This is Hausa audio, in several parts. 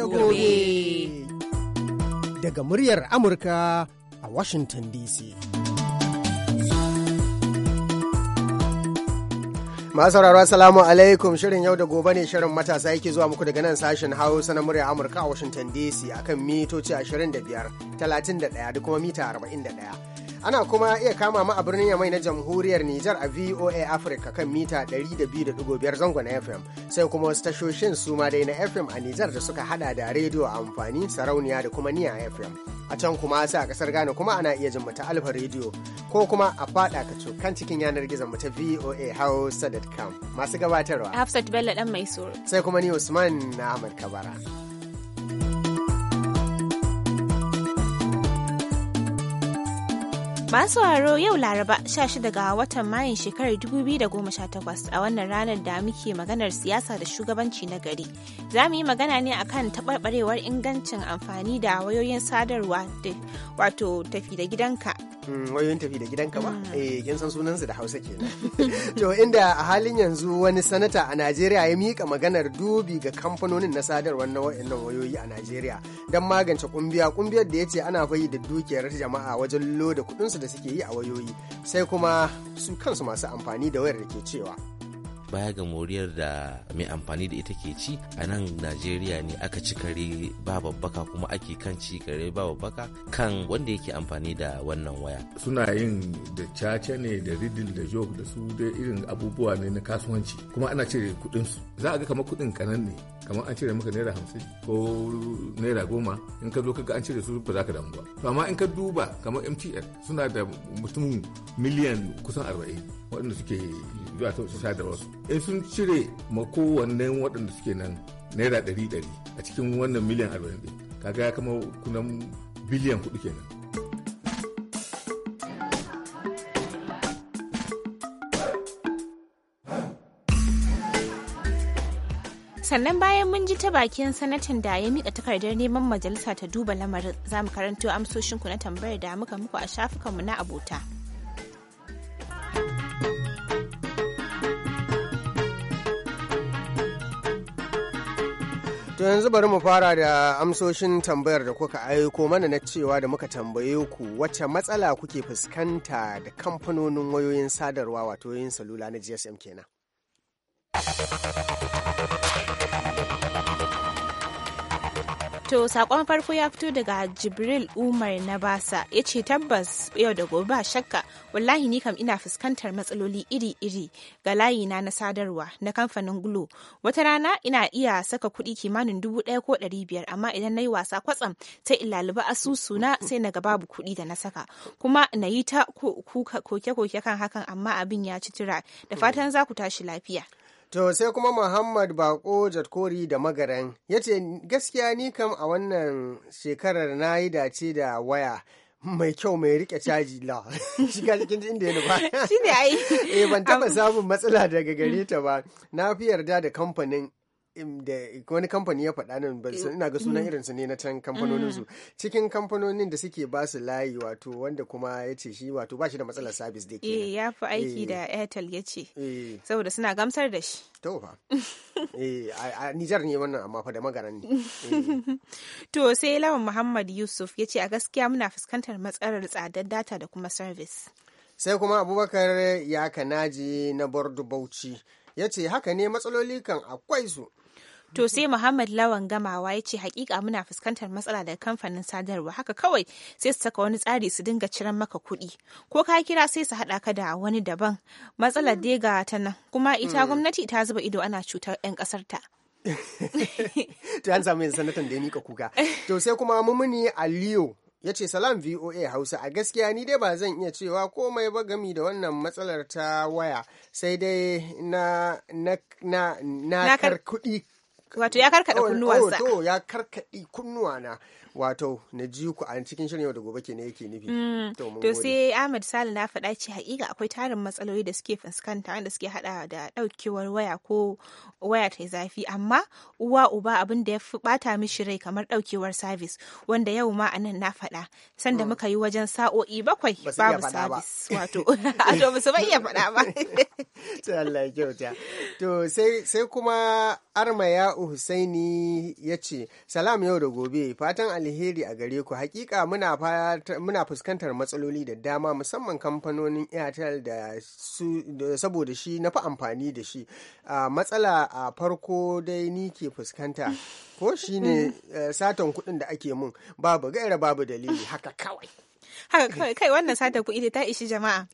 da gobe. Daga muryar Amurka a Washington DC. Masu sauraro alaikum shirin yau da gobe ne shirin matasa yake zuwa muku daga nan sashen Hausa na murya Amurka a Washington DC akan mitoci 25, 31 da kuma mita 41. Ana kuma iya kama mu a birnin Yamai na Jamhuriyar Nijar a VOA Africa kan mita 200.5 zangon FM sai kuma wasu tashoshin su ma dai na FM a Nijar da suka hada da rediyo a amfani sarauniya da kuma niya FM. A can kuma sai a kasar Ghana kuma ana iya jin mata Alfa rediyo ko kuma a fada ka kan cikin yanar gizon mu ta VOA Hausa.com masu gabatarwa. Hafsat Bello dan mai Sai kuma ni Usman Ahmad Kabara. Masu sauraro yau Laraba 16 ga watan Mayun shekarar 2018 a wannan ranar da muke maganar siyasa da shugabanci na gari. Za mu yi magana ne akan taɓarɓarewar ingancin amfani da wayoyin sadarwa wato tafi da gidanka wayoyin tafi da gidanka ba mm. eh kin san sunansu da Hausa kenan to inda a halin yanzu wani sanata a Najeriya ya mika maganar dubi ga kamfanonin na sadarwar na wayoyi a Najeriya don magance kumbiya kumbiyar da ya ce ana fayi da dukiyar jama'a wajen loda kudin da suke yi a wayoyi sai kuma su kansu masu amfani da wayar da ke cewa baya ga moriyar da mai amfani da ita ke ci a nan najeriya ne aka ci kare ba babbaka kuma ake kan ci kare ba babbaka kan wanda yake amfani da wannan waya suna yin da caca ne da riddle da joke da su da irin abubuwa ne na kasuwanci kuma ana cire kuɗinsu za a ga kamar kuɗin kanan ne kamar an cire maka naira hamsin ko naira goma in ka zo kaga an cire su ba za ka damu ba to amma in ka duba kamar mtn suna da mutum miliyan kusan arba'in waɗanda suke zuwa ta wasu. in sun cire ma kowanne waɗanda suke nan naira ɗari ɗari a cikin wannan miliyan arba'in ɗin kaga ya kama kunan biliyan kuɗi kenan sannan bayan mun ji ta bakin sanatan da ya mika takardar neman majalisa ta duba lamarin za mu karanto amsoshinku na tambayar da muka muku a shafukanmu na abota. To yanzu bari mu fara da amsoshin tambayar da kuka aiko mana na cewa da muka tambaye ku wacce matsala kuke fuskanta da kamfanonin wayoyin sadarwa wato yin salula na GSM kenan. To sakon farko ya fito daga Jibril Umar na Basa ya ce tabbas yau da gobe ba shakka wallahi ni kam ina fuskantar matsaloli iri-iri ga layina na sadarwa na kamfanin Glo. Wata rana ina iya saka kuɗi kimanin dubu ɗaya ko ɗari biyar amma idan na yi wasa kwatsam ta ilalibi asusuna asusu na sai na ga babu kuɗi da na saka kuma na yi ta koke-koke kan hakan amma abin ya ci tura da fatan za ku tashi lafiya. To sai kuma Muhammad Bako Jatkori da Magaran ya ce gaskiya ni kam a wannan shekarar na yi dace da waya. mai kyau mai rike caji la shiga cikin inda ya nufa shi ne ai eh ban taba samun matsala daga gare ta ba na fi yarda da kamfanin da wani kamfani ya faɗa nan ba ina ga sunan mm. irinsu ne na can mm. kamfanonin su cikin kamfanonin da suke ba su layi wato wanda kuma ya ce shi wato ba shi da matsalar sabis da ke eh, ya fi aiki eh. da airtel ya ce eh. saboda suna gamsar da shi to fa a Nijar ne wannan amma fa da magaran ne to sai lawan Muhammad Yusuf ya ce a gaskiya muna fuskantar matsalar tsadar data da kuma service sai kuma abubakar ya kanaji na bordo bauchi ya ce haka ne matsaloli kan akwai su To sai Muhammad Lawan Gamawa ya ce hakika muna fuskantar matsala daga kamfanin sadarwa haka kawai sai su saka wani tsari su dinga ciran maka kuɗi ko ka kira sai su haɗa ka da wani daban matsalar dai ga ta nan kuma ita mm. gwamnati ta zuba ido ana cutar 'yan ƙasar ta. to an samu yin sanatan da ya ka kuka to sai kuma mumuni aliyu ya ce salam voa hausa a gaskiya ni dai ba zan iya cewa komai ba gami da wannan matsalar ta waya sai dai na na na, na, na kar kuɗi wato ya karkada oh, kunnuwansa Wato oh, ya karkadi kunnuwana wato na ji ku a cikin shirin yau da gobe kenan yake nufi mm. to sai Ahmed Salih na faɗa ce haƙiƙa akwai tarin matsaloli da suke fuskanta wanda suke hada da daukewar waya ko waya ta zafi amma uwa uba abin da ya fi bata mishi rai kamar daukewar sabis wanda yau ma anan na faɗa sanda mm. muka yi wajen sa'o'i bakwai babu sabis wato a to ba ba iya faɗa ba to Allah ya kyauta to sai sai kuma armaya husaini ya ce salam yau da gobe fatan alheri a gare ku hakika muna fuskantar matsaloli da dama musamman kamfanonin airtel da saboda shi na fi amfani da shi matsala a farko dai ni ke fuskanta ko shine eh, satan kuɗin da ake mun babu gaira babu dalili haka kawai haka kawai kai wannan sata kuɗi ta ishi jama'a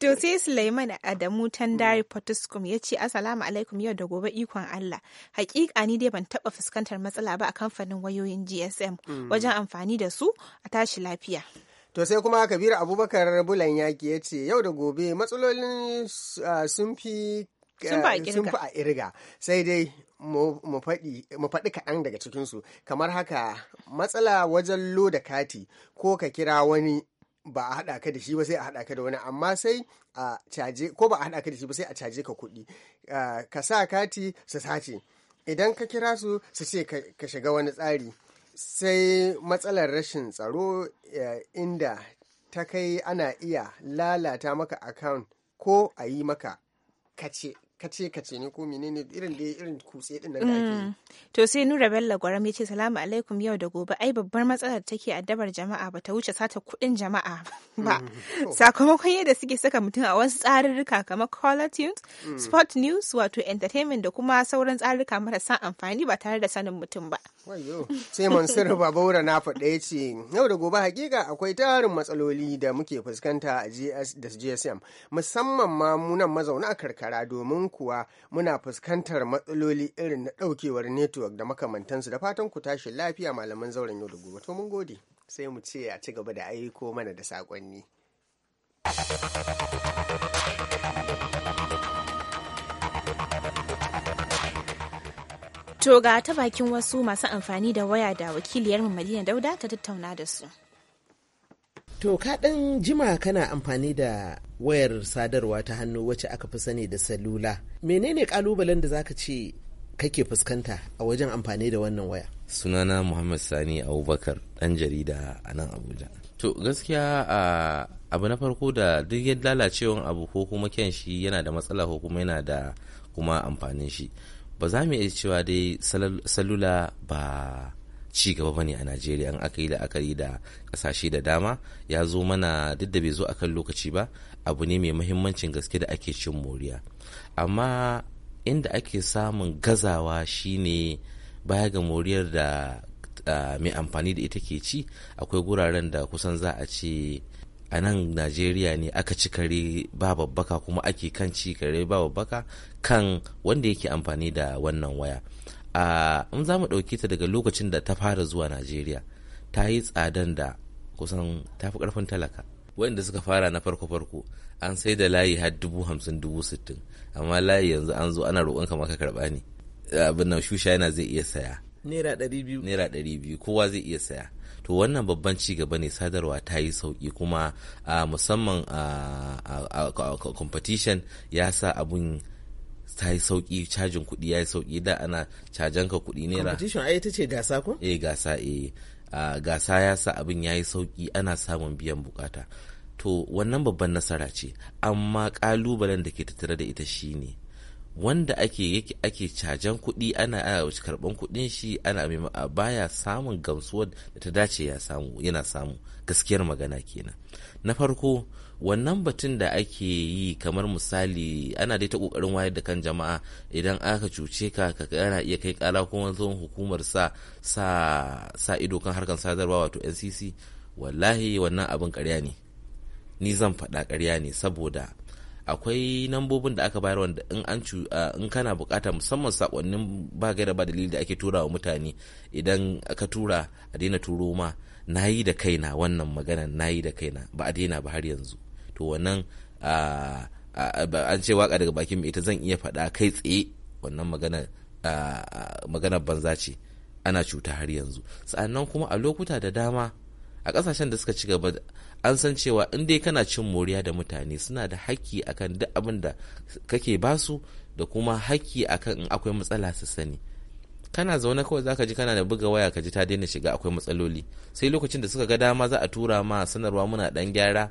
to sai Sulaiman Adamu Tandari Potiskum ya ce assalamu alaikum yau da gobe ikon Allah hakika ni dai ban taba fuskantar matsala ba a kamfanin wayoyin GSM hmm. wajen amfani da su a tashi lafiya To sai kuma Kabiru Abubakar Bulan Yaki ya ce yau da gobe matsalolin ah, sun fi sun fi a eh, irga sai dai mu faɗi kaɗan daga cikinsu kamar haka matsala wajen loda kati ko ka kira wani ba a haɗa ka da shi ba sai a haɗa ka da wani amma sai a caje ko ba a haɗa ka da shi ba sai a caje ka kuɗi ka sa kati su sace idan ka kira su su ce ka shiga wani tsari sai matsalar rashin tsaro inda ta kai ana iya lalata maka account ko a yi maka kace kace kace ne ko menene irin da irin kutse din nan da ake mm. To sai Nura bella Gwaram ya ce salamu alaikum yau da gobe ai babbar matsalar take addabar jama'a bata wuce sata kuɗin jama'a ba. Mm. Oh. Sakamakon yadda suke saka mutum a wasu tsarurruka kamar Color Tunes, mm. Sport News wato entertainment da kuma sauran tsarurruka marasa amfani ba tare da sanin mutum ba. sai mansur Babura na faɗa ce yau da gobe hakika akwai tarin matsaloli da muke fuskanta a da gsm musamman ma munan mazauna karkara domin kuwa muna fuskantar matsaloli irin na ɗaukewar network da makamantansu da fatan ku tashi lafiya malaman zauren yau da gobe to mun gode sai mu ce a ci gaba da aiko mana da saƙonni. To ga ta bakin wasu masu amfani da waya da wakiliyarmu Madina Dauda ta tattauna da su. To ka ɗan jima kana amfani da wayar sadarwa ta hannu wacce aka fi sani da salula. Menene ƙalubalen da zaka ce kake fuskanta a wajen amfani da wannan waya? Sunana Muhammad Sani Abubakar ɗan jarida a nan Abuja. To gaskiya a abu na farko da duk yadda lalacewan abu ko kuma kyan shi yana da matsala ko kuma yana da kuma amfanin shi. ba za mu iya cewa dai salula ba ci gaba bane a Najeriya an aka yi la'akari da kasashe da dama ya zo mana duk da bai zo akan lokaci ba abu ne mai mahimmancin gaske da ake cin moriya amma inda ake samun gazawa shine baya ga moriyar da ah, mai amfani da ita ke ci akwai guraren da kusan za a ce a nan najeriya ne aka ci kare ba babbaka kuma ake kan ci kare ba babbaka kan wanda yake amfani da wannan waya a in za mu ɗauki ta daga lokacin da ta fara zuwa najeriya ta yi tsadan da kusan ta fi ƙarfin talaka wanda suka fara na farko farko an sai da layi har dubu hamsin dubu sittin amma layi yanzu an zo ana roƙon kama ka karɓa ne abin nan shusha yana zai iya saya naira ɗari biyu kowa zai iya saya to wannan babban ci gaba ne sadarwa ta yi sauki kuma a musamman a competition ya sa abun ta yi sauki cajin kuɗi ya yi sauki da ana cajan ka kuɗi naira competition ai ita ce gasa ko eh gasa eh gasa ya sa abin ya yi sauki ana samun biyan bukata to wannan babban nasara ce amma kalubalen da ke tattare da ita shine wanda ake yake ake cajan kuɗi ana karban kuɗin shi ana mai baya samun gamsuwar da ta dace ya samu yana samu gaskiyar magana kenan na farko wannan batun da ake yi kamar misali ana dai ta kokarin wayar da kan jama'a idan aka cuce ka ka iya kai kala kuma zuwan hukumar sa sa ido kan harkar sadarwa wato NCC wallahi wannan abin karya ne ni zan faɗa karya ne saboda akwai nambobin da aka bayar wanda in an ah, in kana bukata musamman sakonnin ba gaira ba dalili da ake tura wa mutane idan aka tura a daina turo ma na yi da kaina wannan magana na yi da kaina ba a daina ba har yanzu to wannan ah, ah, an ce waka daga bakin ita zan iya faɗa kai tsaye wannan magana magana banza ce ana cuta har yanzu sa'annan kuma a lokuta da dama a kasashen da suka ci gaba an san cewa in dai kana cin moriya da mutane suna da hakki akan duk abin da kake basu da kuma haƙƙi akan in akwai matsala su sani kana zaune kawai zaka ji kana da buga waya ka ji ta daina shiga akwai matsaloli sai lokacin da suka ga dama za a tura ma sanarwa muna dan gyara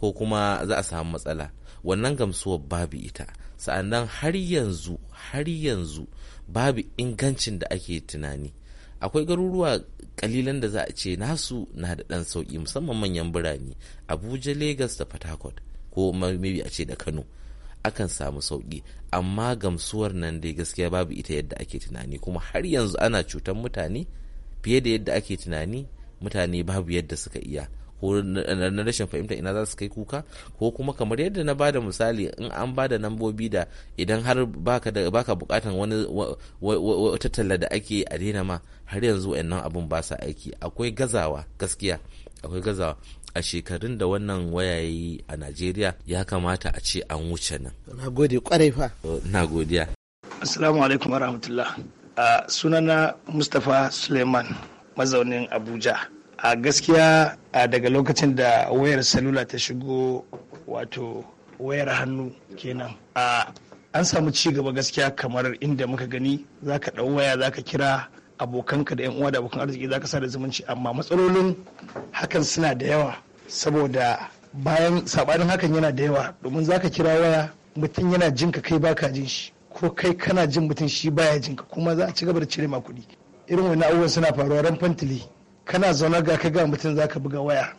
ko kuma za a samu matsala wannan gamsuwar babu ita sa'annan har yanzu har yanzu babu ingancin da ake tunani akwai garuruwa kalilan da za a ce nasu na da ɗan sauki musamman manyan birane abuja lagos da port ko maybe a ce da kano akan samu sauƙi amma gamsuwar nan dai gaskiya babu ita yadda ake tunani kuma har yanzu ana cutar mutane fiye da yadda ake tunani mutane babu yadda suka iya ko na rashin fahimta ina za su kai kuka ko kuma kamar yadda na bada misali in an bada nambobi da idan har baka da baka bukatan wani wata talla da ake a daina ma har yanzu wayannan abun ba sa aiki akwai gazawa gaskiya akwai gazawa a shekarun da wannan waya wayayi a Najeriya ya kamata a ce an wuce nan. Na gode kwarai fa. Na godiya. Assalamu alaikum warahmatullah. Ah, sunana Mustapha Suleiman mazaunin Abuja. a gaskiya daga lokacin da wayar salula ta shigo wato wayar hannu kenan a an samu ci gaba gaskiya kamar inda muka gani za ka ɗau waya za ka kira abokanka da 'yan uwa da abokan arziki za ka sa da zumunci amma matsalolin hakan suna da yawa saboda bayan sabanin hakan yana da yawa domin za ka kira waya mutum yana jin ka kai baka jin shi ko kai kana jin mutum shi baya jin ka kuma za a ci gaba da cire ma kuɗi irin wani abubuwan suna faruwa ran fantili kana zaune ga ka ga mutum za ka buga waya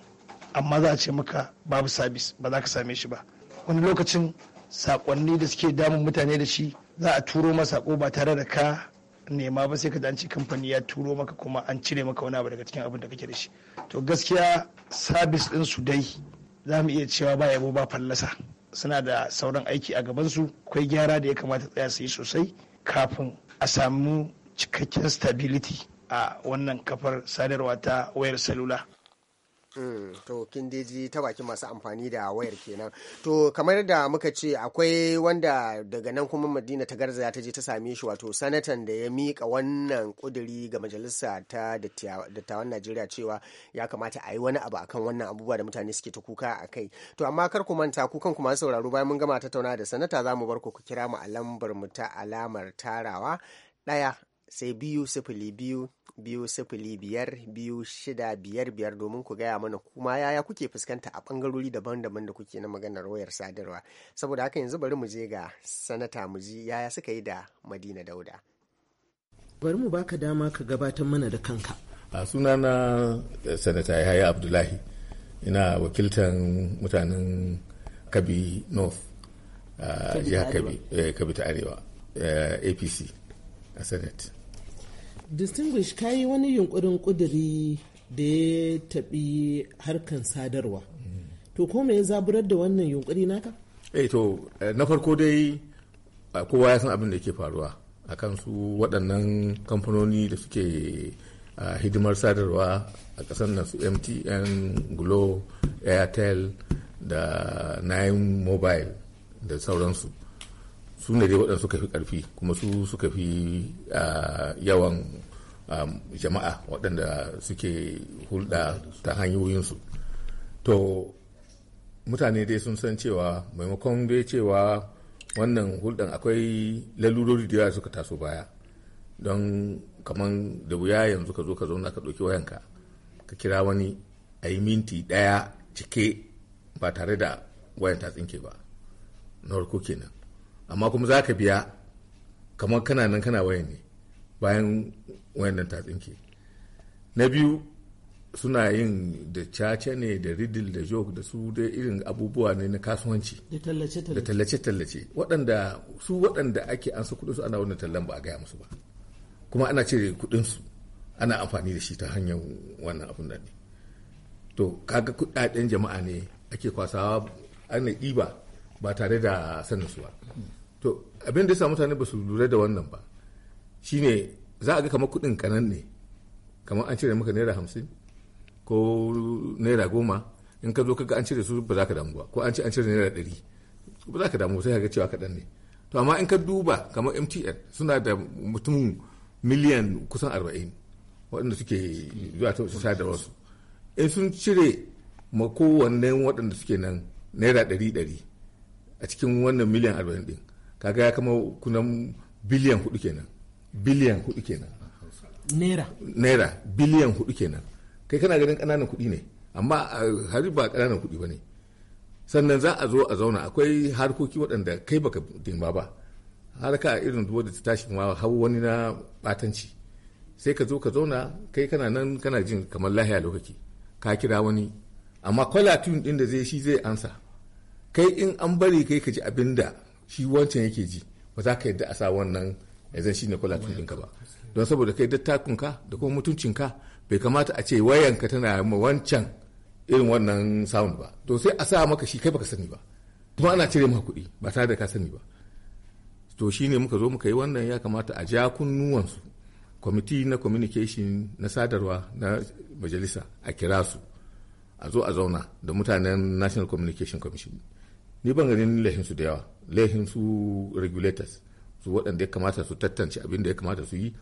amma za a ce maka babu sabis ba za ka same shi ba wani lokacin sakonni da suke damun mutane da shi za a turo masa sako ba tare da ka nema ba sai ka an kamfani ya turo maka kuma an cire maka wani abu daga cikin abin da kake da shi to gaskiya sabis din su dai za mu iya cewa ba yabo ba fallasa suna da sauran aiki a gabansu akwai gyara da ya kamata tsaya su yi sosai kafin a samu cikakken stability a wannan kafar sadarwa ta wayar salula hmm, to kin deji ta baki masu amfani da wayar kenan to kamar da muka ce akwai wanda daga nan kuma madina ta garzaya ta je ta same shi wato sanatan da ya mika wannan kuduri ga majalisa ta dattawan najeriya cewa ya kamata a yi wani abu akan wannan abubuwa da mutane suke ta kuka a kai to amma kar ku manta ku kanku masu sauraro bayan mun gama tattauna da sanata za mu bar ku ku kira mu a lambar mu ta alamar tarawa ɗaya sai biyu sifili biyu biyu sifili biyar biyu shida biyar biyar domin ku gaya mana kuma yaya kuke fuskanta a bangarori daban-daban da kuke na maganar wayar sadarwa saboda haka yanzu bari mu je ga sanata mu ji yaya suka yi da madina dauda bari mu baka dama ka gabatar mana da kanka a sunana eh, sanata yahaya abdullahi ina wakiltan mutanen kabi north ah, jihar eh, kabi ta arewa eh, apc a senate distinguish kayi wani yunkurin kuduri da ya taɓi harkan sadarwa to ko ya zaburar da wannan yunkuri naka eh to eh, na farko dai kowa ya san abin da ke faruwa akan su waɗannan kamfanoni da suke hidimar sadarwa a ƙasar nan su mtn glo airtel da nine mobile da sauransu su ne dai waɗanda suka fi ƙarfi kuma su suka fi yawan jama'a waɗanda suke hulɗa ta hanyoyinsu to mutane dai sun san cewa maimakon dai cewa wannan hulɗan akwai lalurori da yawa suka taso baya don kamar da wuya yanzu ka zo ka zauna ka ɗauki wayanka ka kira wani a yi minti ɗaya cike ba tare da wayan ta tsinke ba na kenan amma kuma za ka biya kamar kana nan kana waya ne bayan wayan nan na biyu suna yin da caca ne da riddle da joke da su da irin abubuwa ne na kasuwanci da tallace-tallace waɗanda su waɗanda ake an su ana wannan tallan ba a gaya musu ba kuma ana cire kudinsu ana amfani da shi ta hanyar wannan abun da ne to kaga kuɗaɗen jama'a ne ake kwasawa ana ɗiba ba tare da sanin su ba to abin da ya sa mutane ba su lura da wannan ba shine za a ga kamar kuɗin kanan ne kamar an cire maka naira hamsin ko naira goma in ka zo kaga an cire su ba za ka damu ba ko an ce an cire naira ɗari ba za ka damu sai ka ga cewa kaɗan ne to amma in ka duba kamar mtn suna da mutum miliyan kusan arba'in waɗanda suke zuwa ta wasu in sun cire ma kowanne waɗanda suke nan naira ɗari ɗari a cikin wannan miliyan arba'in ɗin kaga ya kama kunan biliyan hudu kenan biliyan hudu kenan naira naira biliyan hudu kenan kai kana ganin kananan kuɗi ne amma eh, hari ba kananan kuɗi bane. sannan za a zo a zauna akwai harkoki waɗanda kai baka dima ba har ka irin wadda da tashi ma hau wani na batanci sai ka zo ka zauna kai kana nan kana jin kamar lahiya lokaci ka kira wani amma kwalatun din da zai shi zai ansa kai in an bari kai ka ji abin da shi wancan yake ji ba za ka yadda a sa wannan yanzu shine kwalatin ka ba don saboda kai dattakunka da kuma mutuncinka bai kamata a ce wayanka tana ma wancan irin wannan sound ba to sai a sa maka shi kai baka sani ba kuma ana cire maka kuɗi ba tare da ka sani ba to shi ne muka zo muka yi wannan ya kamata a ja kunnuwansu kwamiti na communication na sadarwa na majalisa a kira su a zo a zauna da mutanen national communication commission ni ban ganin su da yawa lahin su regulators su waɗanda ya kamata su tattance abin da ya kamata su yi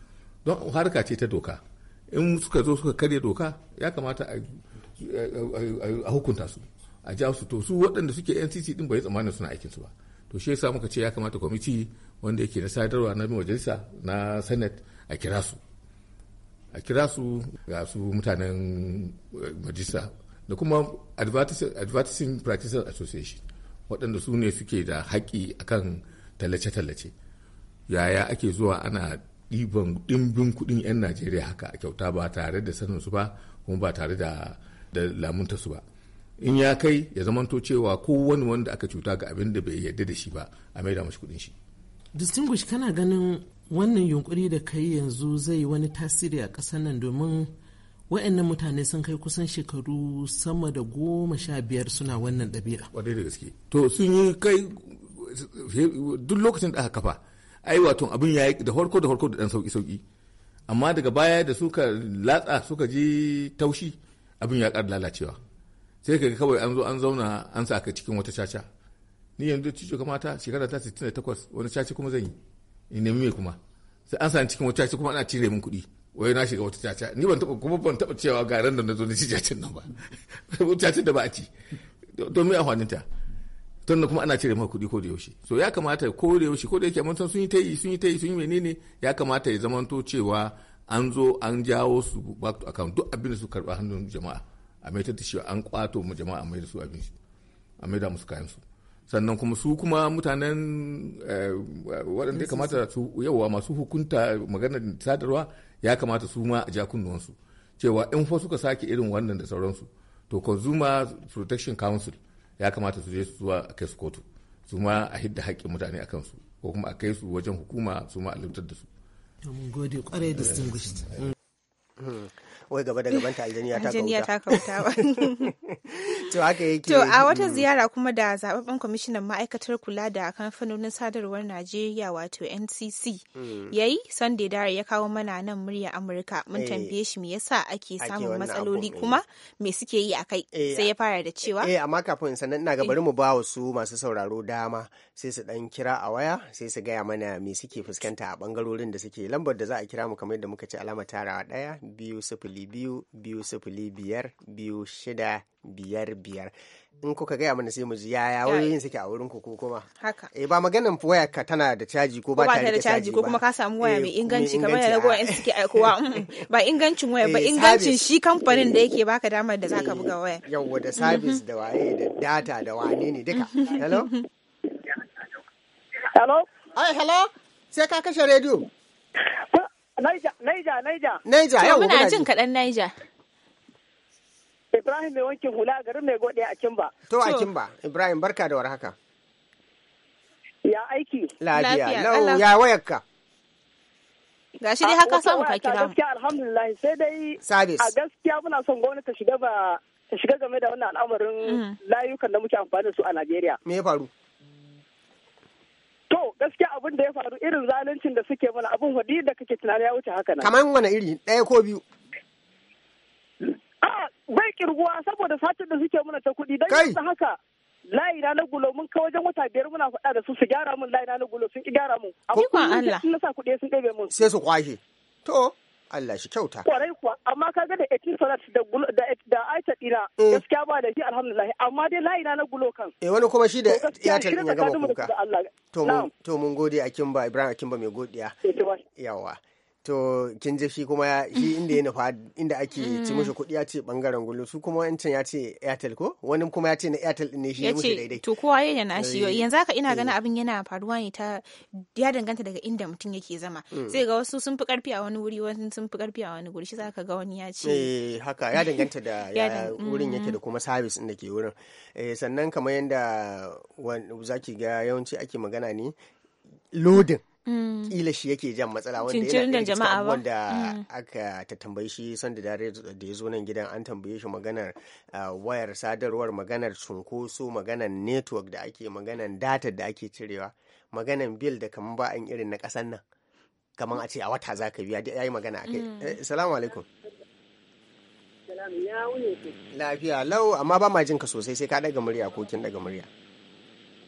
don harka ce ta doka in suka zo suka karya doka ya kamata a hukunta su a ja su to su waɗanda suke ncc din bai tsammanin suna aikin su ba to shi yasa muka ce ya kamata kwamiti wanda yake na sadarwa na majalisa na senate a kira su a kira su ga su mutanen eh, majalisa da kuma advertising practices association waɗanda su ne suke da haƙi akan tallace-tallace yaya ake zuwa ana ɗiban ɗimbin kuɗin 'yan najeriya haka a kyauta ba tare da sanin su ba kuma ba tare da lamunta su ba in ya kai ya zamanto cewa kowane wanda aka cuta ga abin da bai yarda da shi ba a maida mashi kuɗin shi distinguish kana ganin wannan yunkuri da kai yanzu zai wani tasiri a ƙasar nan domin wa'annan mutane sun kai kusan shekaru sama da goma sha biyar suna wannan ɗabi'a wadai da gaske to sun yi kai duk lokacin da aka kafa ai wato abin ya yi da farko da farko da dan sauki sauki amma daga baya da suka latsa suka ji taushi abin ya ƙara lalacewa sai ka kawai an zo an zauna an sa ka cikin wata caca ni yanzu cico kamata shekara ta 68 wani caca kuma zan yi in nemi kuma sai an sa cikin wata caca kuma ana cire min kuɗi wai na shiga wata caca ni ban taba kuma ban taba cewa ga ran da na zo na ci cacin nan ba cacin da ba a ci don me amfanin ta na kuma ana cire maka kuɗi ko da yaushe so ya kamata ko da yaushe ko da yake mun san sun yi ta yi sun yi ta yi sun yi menene ya kamata ya to cewa an zo an jawo su back to account duk abin da su karba hannun jama'a a mai ta shi an kwato mu jama'a mai da su abin a mai da musu kayan su sannan kuma su kuma mutanen eh, waɗanda ya kamata su yawa masu hukunta maganar sadarwa ya kamata su ma a kunnuwansu cewa in fa suka sake irin wannan da sauransu to consumer protection council ya kamata su je su zuwa a kai kotu su ma a hidda haƙƙin mutane a kansu ko kuma a kai su wajen hukuma su ma a limtar da su. Mun gode kwarai distinguished. Hmm. wai gaba da gabanta aljaniya ta kauta ta kauta to a wata mm. ziyara kuma da zababben kwamishinan ma'aikatar kula da kamfanonin sadarwar Najeriya wato NCC mm. yayi Sunday Dare ya kawo mana nan murya Amurka mun eh. tambaye shi me yasa ake samun matsaloli eh. kuma me suke yi akai eh, sai ya fara da cewa eh amma kafin sannan ina ga bari mu ba wasu masu sauraro dama sai su dan kira a waya sai su gaya mana me suke fuskanta a bangarorin da suke lambar da za a kira mu kamar yadda muka ce alama tarawa daya biyu sifili biyu biyu sifili biyar biyu shida biyar biyar in kuka gaya mana sai mu ji yaya wayoyin suke a wurin ku ko kuma haka eh ba maganin waya ka tana da caji ko ba ta da caji ko kuma ka samu waya mai eh, inganci kamar yadda wayan suke aikowa mm, ba ingancin waya ba eh, ingancin shi kamfanin da yake eh. baka damar da zaka buga waya yawa da service mm-hmm. da waye da data da wane ne duka hello hello ai hello sai ka kashe rediyo Naija, Naija, Naija. Naija, yau muna jin kaɗan Naija. Ibrahim mai wankin hula garin mai gode a Kimba. To a Kimba, Ibrahim barka da warhaka. Ya aiki. Lafiya, lau ya wayarka. Ga shi dai haka samu ka kira. Gaskiya alhamdulillah sai dai a gaskiya muna son gwamnati ta shiga ba ta shiga game da wannan al'amarin mm. layukan da muke amfani da su a Najeriya. Me ya faru? To gaskiya abin da ya faru irin zaluncin da suke mana abin wadi da kake tunani ya wuce haka nan. Kamar wani iri ɗaya ko biyu. Ah, bai kirguwa saboda satin da suke mana ta kuɗi don yanzu haka. layi na na gulo mun kai wajen wata biyar muna faɗa da su su gyara mun layi na na gulo sun ki gyara mun. Akwai kuma Allah. Sun nasa kuɗi sun ɗebe mun. Sai su kwashe. To. Allah shi kyauta. Kwarai kuwa, amma ka ga da Etisalat da da aita dina mm. gaskiya ba da shi alhamdulillah, amma dai layina na gulo kan. Eh wani kuma shi da ya ya gama kuka. To mun gode Akimba Ibrahim Akimba mai godiya. Eh, Yawa. to kin je shi kuma shi inda ya nufa inda ake mm. ci mushi kuɗi ya ce bangaren gulu su kuma wancan ya ce airtel ko wani kuma ya ce na airtel din ne shi ya mushi daidai to kowa ya na shi eh. yanzu haka ina ganin eh. abin yana faruwa ne ta ya danganta daga inda mutum yake zama sai mm. ga wasu sun fi karfi a wani wuri wasu sun fi karfi a wani guri shi zaka ga wani ya ce eh haka ya danganta da mm. wurin yake da kuma service din da ke wurin eh, sannan kamar yanda zaki ga yawanci ake magana ne lodin Mm. kila shi yake jan matsala wanda yana jama'a wanda mm. aka ta tambayi shi sanda dare da ya zo nan gidan an tambaye shi maganar ah, wayar sadarwar maganar cunkoso maganar network da ake maganar data da ake cirewa maganar bill da kamar ba an irin na kasan nan kamar a ce a wata za ka biya ya yi magana a kai mm. eh, salamu alaikum lafiya lau amma ba ma jinka sosai sai ka daga murya ko kin daga murya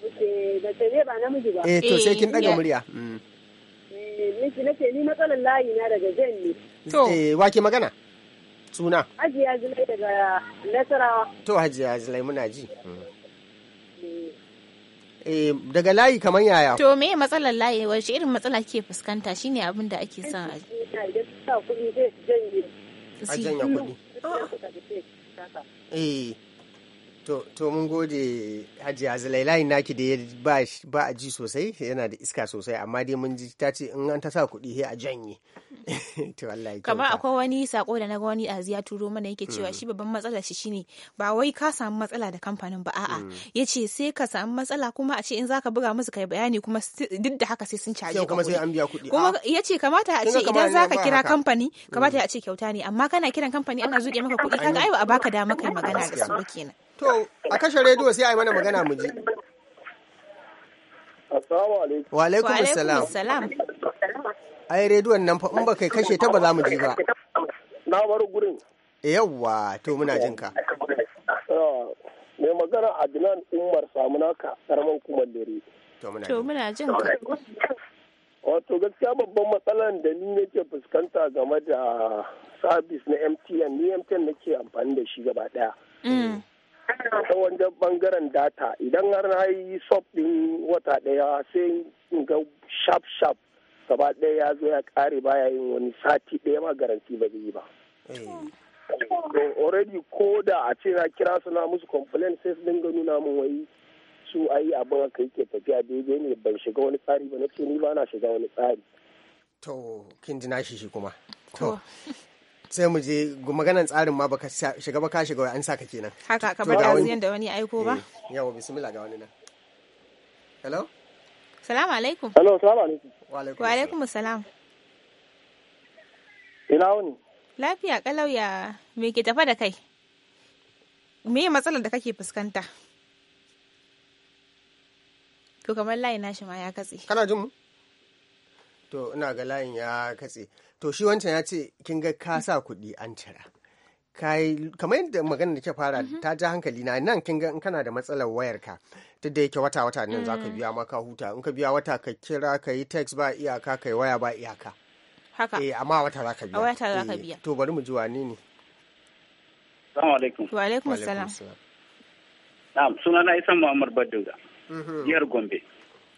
mace ne ba namiji ba eh to sai kin daga murya eh, miki mm. nake ni matsalar layi na daga zen ne to eh wake magana suna hajiya zulai daga nasarawa to hajiya zulai muna ji mm. eh. eh, daga layi kamar yaya. To me matsalar layi wace irin matsala ke fuskanta shine abin da ake son a. A janya kuɗi. Oh. Eh. To mun gode Hajiya layi naki da ba a ji sosai yana da iska sosai amma dai mun ji ta ce in an ta sa kuɗi sai a janye. to Allah Kamar akwai wani sako da na ga wani ya turo mana yake cewa mm. shi babban matsala shi shine ba wai ka samu matsala da kamfanin ba a'a mm. yace sai ka samu matsala kuma a ce in zaka buga musu kai bayani kuma duk da haka sai sun caje ka kuma sai an biya kuɗi. Kuma ah. yace kamata a ce idan zaka kira kamfani kamata a mm. ce kyauta ne amma kana kiran kamfani ana zuke maka kuɗi kaga ai ba a baka dama kai magana da su ba kenan. To, a kashe rediyo sai a yi mana magana mu ji. Wa alaikum salam. Ai rediyon nan fa in ba kai kashe ta ba za mu ji ba. Na bar gurin. Yawwa, to muna jin ka. Ah, Me magana Adnan Umar Samunaka, karaman kuma dare. To muna jin ka. Wato gaskiya babban matsalan da ni nake fuskanta game da sabis na MTN, ni MTN nake amfani da shi gaba daya. Mm. ta wajen bangaren data idan har na yi sop din wata daya sai in ga sharp sharp gaba daya ya zo ya kare baya yin wani sati daya ma garanti ba zai yi ba eh. already ko da a ce na kira su na musu complaint sai su dinga nuna min wai su ayi abin kai yake tafiya daidai ne ban shiga wani tsari ba na ce ni ba na shiga wani tsari to kin ji shi shi kuma to sai mu je maganan tsarin ma baka shiga baka shiga an saka kenan haka ka bar yanzu da wani aiko ba eh, yawa bismillah ga wani nan hello salamu alaikum hello salamu alaikum wa alaikum assalam ina wani lafiya kalauya me ke tafa da kai me matsalar da kake fuskanta to kamar layi nashi ma ya katse kana jin mu to ina ga layin ya katse to shi wancan ya ce kin ga ka sa kuɗi an cira kamar yadda magana da ke fara mhm. ta ja hankali na nan kin ga in kana da matsalar wayar ka duk da yake wata wata nan zaka mm. biya maka huta in ka biya wata ka kira ka yi text ba iyaka ka yi waya ba iyaka haka eh amma wata zaka biya wata zaka eh, biya to bari mu ji wani ne assalamu alaikum wa alaikum assalam na'am sunana Isa Muhammad Badoda mm-hmm. jihar Gombe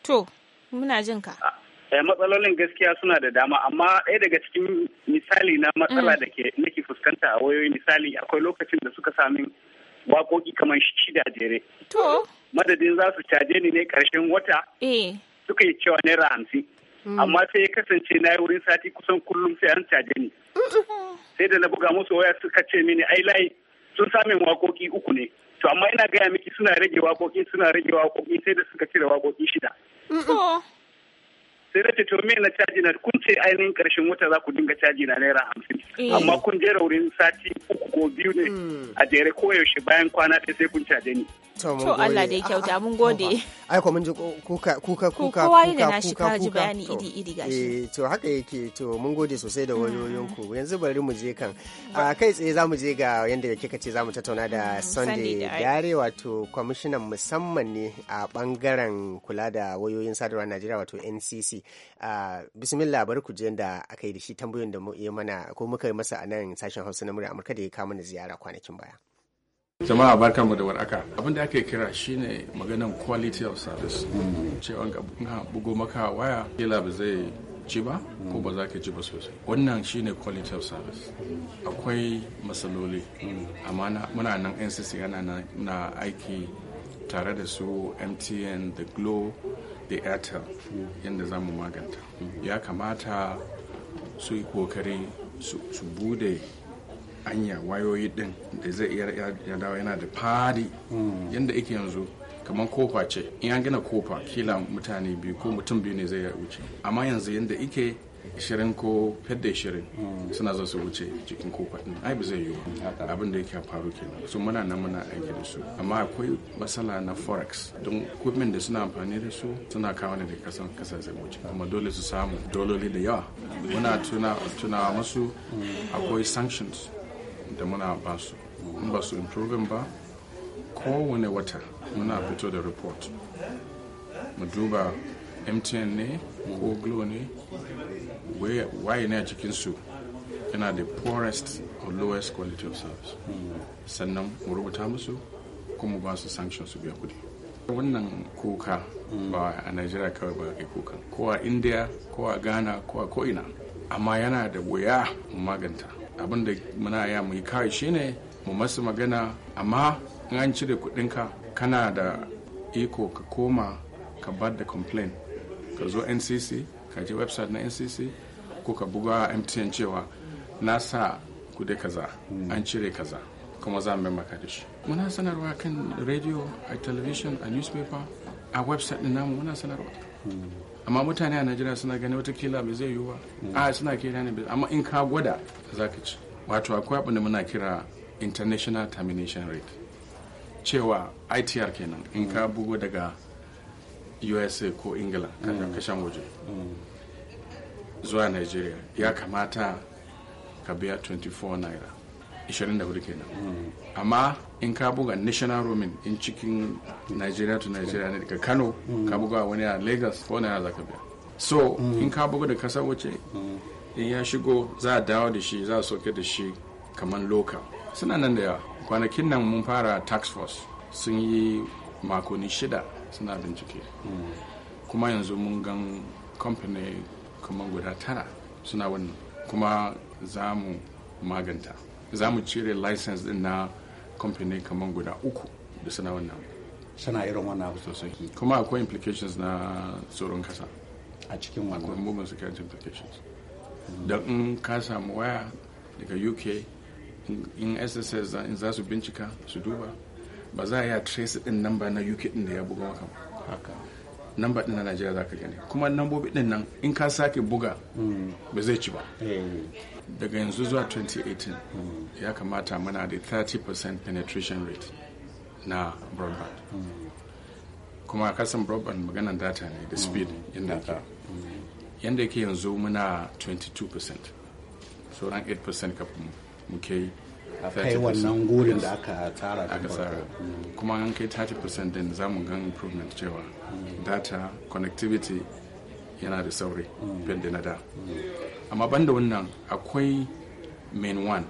to muna jin ka Eh, matsalolin gaskiya suna da dama amma ɗaya daga cikin misali na matsala mm. da ke nake fuskanta a wayoyi misali akwai lokacin da suka sami waƙoƙi kamar shida jere. To. Madadin za su caje ni ne ƙarshen wata. Eh. Suka yi cewa naira hamsin. Mm. Amma sai ya kasance na yi wurin sati kusan kullum sai an caje ni. Sai da na buga musu waya suka ce mini ai layi sun samin waƙoƙi uku ne. To amma ina gaya miki suna rage wakoki, suna rage wakoki, sai da suka cire waƙoƙi shida. sai na ce to na caji na kun ce ainihin karshen wata za ku dinga caji na naira hamsin eh. amma kun jera wurin sati uku ko biyu ne hmm. a jere koyaushe bayan kwana ɗaya sai kun caje ni To Allah da ya kyauta ah, mun gode. Ai kuma mun ji kuka kuka kuka kuka kuka kuka kuka kuka bayani iri eh, to haka yake to mun gode sosai da wayoyin ku. Ah. Yanzu bari mu je kan. A kai tsaye zamu je ga yanda kika ce zamu tattauna da mm, Sunday Dare wato kwamishinan musamman ne a bangaren kula da wayoyin sadarwa Najeriya wato NCC. bismillah bari ku je yanda aka yi da shi tambayoyin da yi mana ko muka yi masa a nan sashen Hausa na murya Amurka da ya kawo mana ziyara kwanakin baya. jama'a barka mu da waraka abin da ake kira shine maganan quality of service cewa ga bugo maka waya kila ba zai ci ba ko ba za ka ji ba sosai wannan shine quality of service akwai masaloli. amma muna nan ncc yana na aiki tare da su mtn the Glow the airtel yadda za mu maganta ya kamata su yi kokari su bude anya wayoyi din da zai iya ya dawo yana da fadi hmm. yadda yake yanzu kamar kofa ce in an gina kofa kila mutane biyu ko mutum biyu ne zai wuce amma yanzu yadda ike shirin ko fadda shirin. Hmm. suna zo su wuce cikin kofa din ai ba zai yiwu abin da yake faru kenan su muna nan muna aiki da su amma akwai matsala na forex don equipment da suna amfani da su suna kawo ne da kasan zai wuce kuma dole su samu dololi da yawa muna tuna tuna musu hmm. akwai sanctions da muna basu in ba su improving ba kowane wata muna fito da report mu duba mtn ne ko glo ne waye ne a cikinsu yana da poorest or lowest quality of service sannan mu rubuta musu kuma ba su sanction su biya kudi wannan kuka ba a nigeria kawai ba kai ko a india ko a ghana ko a ko'ina amma yana da wuya maganta abin da muna ya mu yi kawai shine mu masu magana amma in an cire kudinka kana da iko ka koma ka bar da complain ka zo ncc ka je website na ncc ko ka buga mtn cewa na sa kudi kaza an cire kaza kuma za mu maka da shi muna sanarwa kan radio a television a newspaper a website namu muna sanarwa amma mutane a najeriya suna gani watakila bai zai yiwu ba mm. a suna kira ne amma in ka gwada za ka ci wato akwai abin da muna kira international termination rate cewa itr kenan in ka mm. bugo daga usa ko ingila mm. kashen waje zuwa nigeria ya kamata ka biya 24 naira 24 kenan amma in ka buga national roaming in cikin nigeria to nigeria ne daga kano ka buga wani a lagos ko na ka biya so in ka buga da kasar wace in ya shigo za a dawo da shi za a soke da shi kamar loka suna nan da yawa kwanakin nan mun fara tax force sun yi makoni shida suna bincike kuma yanzu mun gan kamfani kamar guda tara suna wannan kuma za mu maganta za mu cire license din na kamfani kamar guda uku da suna wannan suna irin wannan abu sosai kuma akwai implications na tsoron kasa a cikin wannan akwai movement security implications da in ka samu waya daga uk in sss in za su bincika su duba ba za a yi trace din namba na uk din da ya buga maka haka namba din na najeriya za ka gani kuma nambobi din nan in ka sake buga hmm. ba zai ci ba eh. daga yanzu zuwa 2018 ya kamata muna da 30% penetration rate na broadband kuma kasan broadband maganan data ne da speed inda ke yadda yake yanzu muna 22% sauran 8% kafin mu kai kai wannan gurin da aka tsara aka tsara kuma an kai 30% din za mu gan improvement cewa data connectivity yana da sauri fiye da na da amma banda wannan akwai main one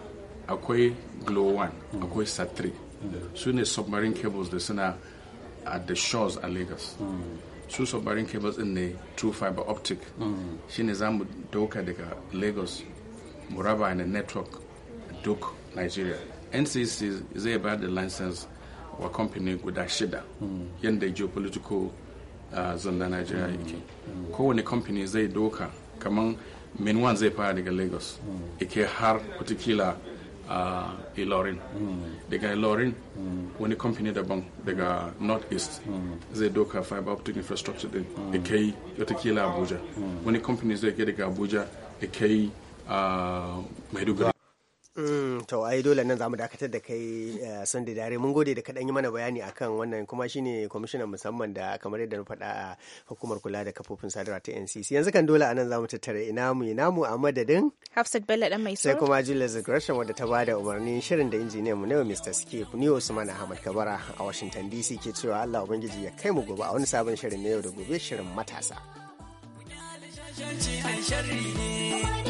akwai glow one mm. akwai satri mm. su ne submarine cables da suna at the shores a lagos mm. su submarine cables din ne true fiber optic shine za mu doka daga lagos mu raba na network duk nigeria ncc zai ba da license wa kamfani guda shida yadda geopolitical ah, zanda nigeria yake kowane kamfani zai doka kamar min wan zai fara daga lagos ike har kutukila a ah, ilorin daga ilorin wani kamfani daban daga north east zai doka fiber optic infrastructure din da kai watakila abuja wani kamfani zai ke daga abuja da a ah, maiduguri Mm. to ai dole nan zamu dakatar da kai eh, son da dare mun gode da ka yi mana bayani akan wannan kuma shine kwamishinan musamman da kamar yadda na faɗa a hukumar kula da kafofin sadarwa ta NCC yanzu kan dole anan zamu tattara ina mu ina mu a madadin Hafsat Bello dan mai sai kuma Julia Zagration wadda ta bada umarnin shirin da injiniyan mu ne Mr. Skip ni Usman Ahmad Kabara a Washington DC ke cewa Allah ubangiji ya kai mu gobe a wani sabon shirin na yau da gobe shirin matasa. Ai sharri